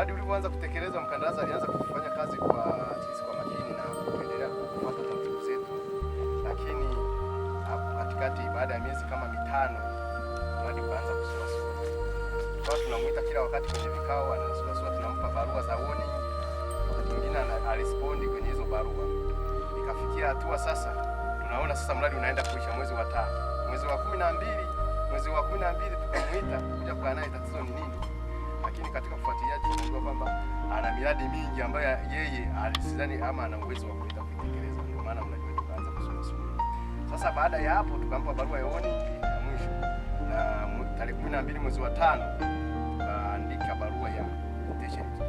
mradi ulivyoanza kutekelezwa, mkandarasi alianza kufanya kazi kwa sisi kwa makini na kuendelea kufuata taratibu zetu, lakini hapo katikati, baada ya miezi kama mitano, mradi ukaanza kusuasua. Kwa tunamuita kila wakati kwenye vikao, anasuasua, tunampa barua za warning, wakati mwingine alispondi kwenye hizo barua. Ikafikia hatua sasa, tunaona sasa mradi unaenda kuisha mwezi wa tano, mwezi wa kumi na mbili, mwezi wa kumi na mbili tukamuita kuja kwa naye, tatizo ni nini? makini katika ufuatiliaji, tunajua kwamba ana miradi mingi ambayo yeye alisidhani ama ana uwezo wa kuweza kuitekeleza. Ndio maana mnajua tukaanza kusoma. Sasa baada ya hapo tukampa barua ya oni ya mwisho, na tarehe kumi na mbili mwezi wa tano tukaandika barua ya invitation to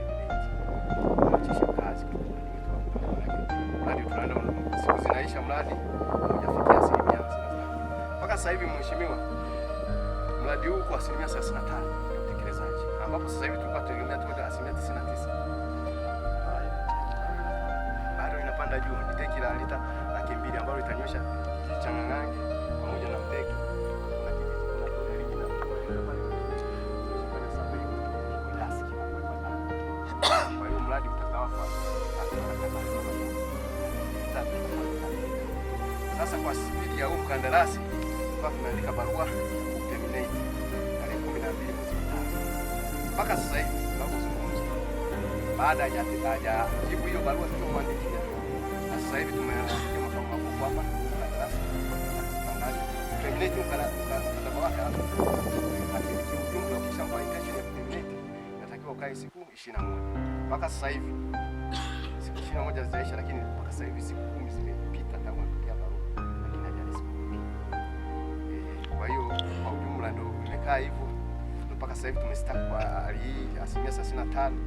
the kuachisha kazi mradi, tunaenda siku zinaisha, mradi haujafikia asilimia mpaka sasa hivi mheshimiwa, mradi huu kwa asilimia thelathini na tano ambapo sasa hivi tulikuwa tunategemea tuwe kwa asilimia tisini na tisa bado inapanda juu. Ni teki la lita laki mbili ambalo litanyosha kijiji pamoja na Mdeki. Kwa hiyo sasa kwa spidi ya huu mkandarasi, tunaandika barua ya tarehe kumi na mbili mpaka sasa hivi tunapozungumza, baada ya hajajibu hiyo barua tuliyomwandikia, na sasa hivi tumefika makao makuu hapa kandarasi mkataba wake, lakini kiujumla ukishafanikisha ya kuterminate inatakiwa ukae siku ishirini na moja mpaka sasa hivi siku ishirini na moja zitaisha, lakini mpaka sasa hivi siku kumi zimepita tangu apokea barua, lakini hajarespond. Eh, kwa hiyo kwa ujumla ndio imekaa hivyo mpaka sasa hivi tumestack kwa hali hii asilimia thelathini na tano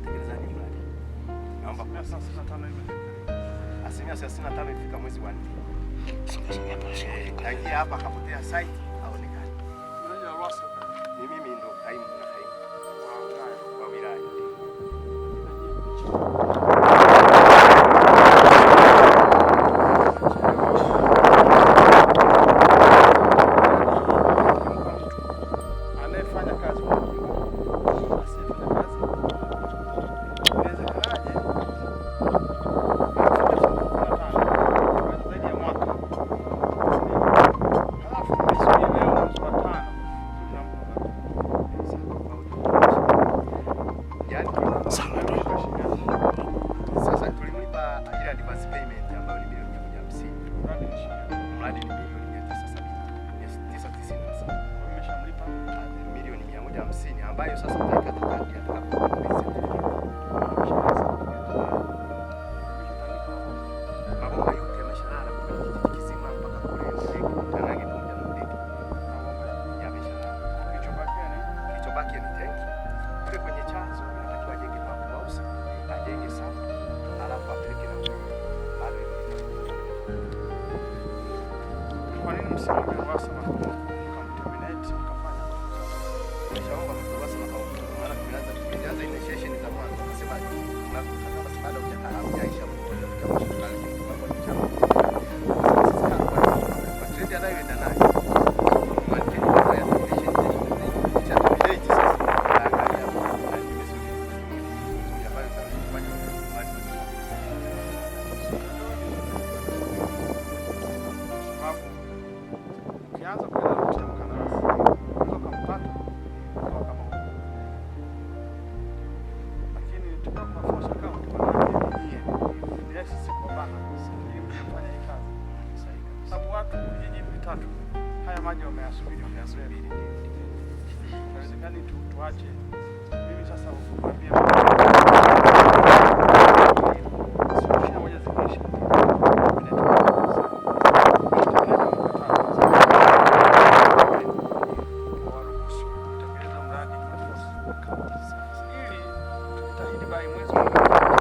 utekelezaji mradi. Naomba asilimia thelathini na tano ifika mwezi wa nne. Eh, tangia hapa akapotea site aonekane. Ni mimi ndo kaimu na kaimu wa wilaya. ambayo sasa Kwa nini msimu wa Ruwasa mkamterminate mkafanya? imeisha, nikasema bado haujaisha. tatu haya maji wameyasubiri, wameyasubiri. Inawezekani tu tuache mimi sasa ukuambia ili tutahidi bai mwezi